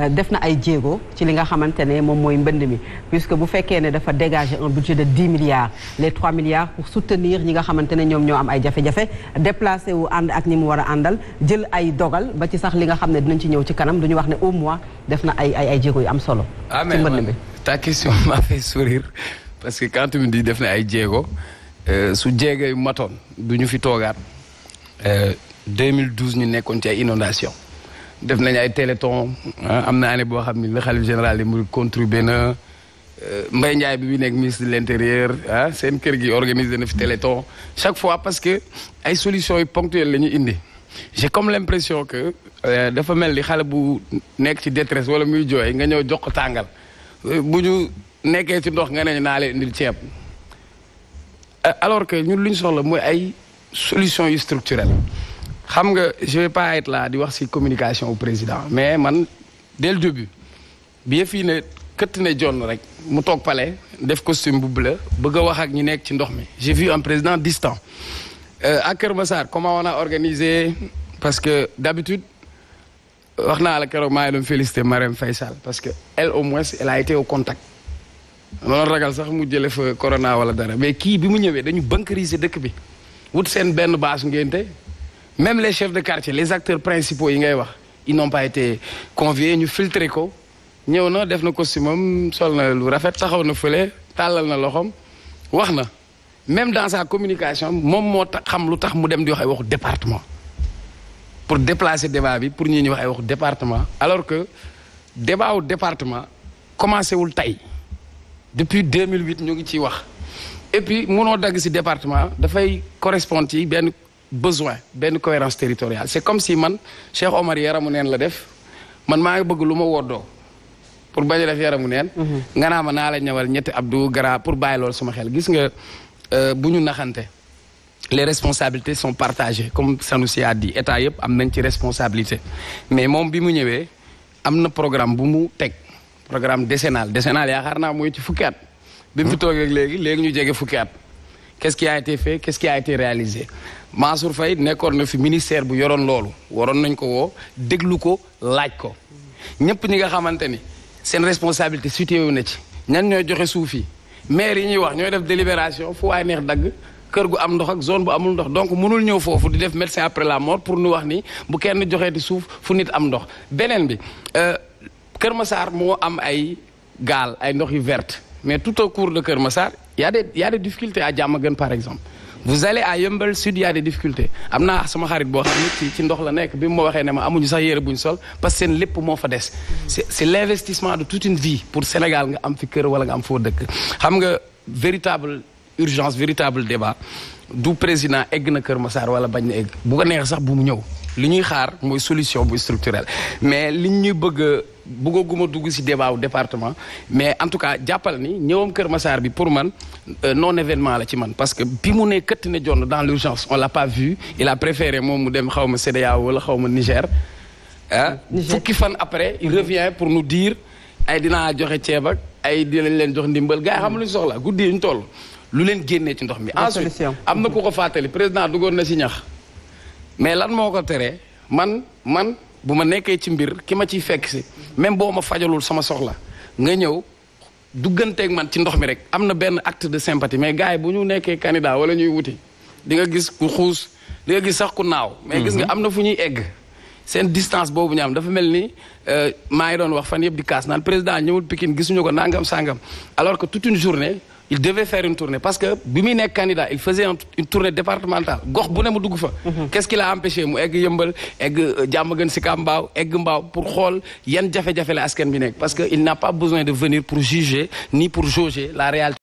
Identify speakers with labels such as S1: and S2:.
S1: Euh, def na ay jéego ci li nga xamante ne moom mooy mbënd mi puisque bu fekkee ne dafa dégager un budget de 10 milliards les 3 milliards pour soutenir ñi nga xamante ne ñoom ñoo am ay jafe-jafe déplacé wu ànd ak ñi mu war a àndal jël ay dogal ba ci sax li nga xam ne dinañ ci ñëw ci kanam du ñu wax ne au mois def na ay ay ay jéego yu am solo ci ah, mbënd mi ta question m'a fait sourire parce que quand tu di dis def na ay jéego euh, su jéego yu matoon du ñu fi toogaat 2012 euh, ñu nekkoon ci ay inondation def nañ ay téléthon ah, am na année boo xam ne le xalif général yi mu contribué na euh, Mbaye Ndiaye bi bi nekk ministre de l'intérieur ah seen kër gi organiser na fi téléthon chaque fois parce que ay solutions yu ponctuelles la ñu indi j'ai comme l'impression que euh, dafa mel ni xale bu nekk ci détresse wala muy jooy nga ñëw jox ko tàngal euh, bu ñu nekkee ci ndox nga ne naa leen indil ceeb alors que ñun lu ñu soxla mooy ay solutions yu structurelles xam nga je vais pas être là di wax ci communication au président mais man dès le début bi yëf yi ne këtt ne jon rek mu toog palais def costume bu bleu bëgg a wax ak ñi nekk ci ndox mi j'ai vu en président distant euh, à Kër Massar comment on organiser parce que d'habitude wax naa la keroog maa ngi doon félicité Marème Faye Sall parce que elle au moins elle a été au contact ma ragal sax mu jële fa corona wala dara mais kii bi mu ñëwee dañu bunkeriser dëkk bi wut seen benn baas ngénte même les chefs de quartier les acteurs principaux yi ngay wax ils n'ont pas été conviés ñu filtré ko ñëw na def na costume am sol na lu rafet taxaw na fële tàllal na loxoom wax na même dans sa communication moom moo tax xam lu tax mu dem di wax ay waxu département pour déplacer débat bi pour ñu ñuy wax ay waxu département alors que débat département commencé wul tey depuis deux mille 2008 ñu ngi ciy wax et puis mënoo dagg ci département dafay correspondre ci benn besoin benn cohérence territoriale c'est comme si man Cheikh Omar yaramu neen la def man maa ngi bëgg lu ma woddoo pour bañ a def yaramu neen mhm. nga naa ma naa la ñëwal ñetti Abdou Gara pour bàyyi lool sama xel gis nga euh, bu ñu naxante les responsabilités son partagées comme Sanoussi a dit état yëpp am nañ ci responsabilité mais moom bi mu ñëwee am na programme bu mu teg programme décennal décennal yaakaar naa mooy ci fukki at bi mu fi mhm. léegi léegi ñu jege fukki at qu'est-ce qui a été fait Mansour Faye nekkoon na fi ministère bu yoroon loolu waroon nañ ko woo déglu ko laaj ko ñëpp ñi nga xamante ni seen responsabilité situé wu na ci. ñan ñooy joxe suuf yi maire yi ñuy wax ñooy def délibération fu waay neex dagg kër gu am ndox ak zone bu amul ndox donc mënul ñëw foofu di def médecin après la mort pour ñu wax ni bu kenn joxee joxeeti suuf fu nit am ndox. beneen bi euh, Kër Massar moo am ay gaal ay ndox yu verte mais tout au cours de Kër Massar y a des a des difficultés par exemple. vous allez à Yeumbeul Sud y a des am naa sama boo xam ne ci ci ndox la nekk bi mu ma waxee ne ma amuñu sax yére buñ sol parce que seen moo fa des c'est l'investissement de toute une vie pour Sénégal nga am fi kër wala nga am foo dëkk xam nga véritable urgence véritable débat du président egg na Kër Massar wala bañ na egg bu ko neex sax bu mu ñëw li ñuy xaar mooy solution bu structurelle mais li ñuy bëgg bëggaguma dugg ci débat département mais en tout cas jàppal ni ñëwam Kër Massar bi pour man euh, non événement la ci man parce que bi mu ne këtt ne jonn dans l'urgence on l'a pas vu il a préféré moom mu dem xaw ma CEDEAO wala xaw ma Niger ah fukki fan après il revient pour nous diir ay dinaa joxe ceeb ak ay dinañ leen jox ndimbal gars xam lu ñu soxla guddi ñu toll lu leen génnee ci ndox mi am na ku ko fàttali président duggoon na ci ñax mais lan moo ko teree man man bu ma nekkee ci mbir ki ma ciy fekk si même boo ma fajalul sama soxla nga ñëw dugganteeg man ci ndox mi rek am na benn acte de sympathie mais gars yi bu ñu nekkee candidat wala ñuy wuti di nga gis ku xuus di gis sax ku naaw mais gis nga mhm. am na fu ñuy egg seen distance boobu ñu dafa mel ni euh, maa ngi doon wax fan yëpp di kaas naan président ñëwul pikin gisuñu ko nangam sangam alors que toute une journée il devait faire une tournée parce que bi muy nekk candidat il faisait une tournée départementale gox bu ne mu dugg fa. Mhm. qu'est-ce qui l'a empêché mu egg yëmbal egg jàmmagën euh, si ka mbaaw egg mbaaw pour xool yan jafe-jafe la askan bi nekk parce que il n'a pas besoin de venir pour juger ni pour jauger la réalité.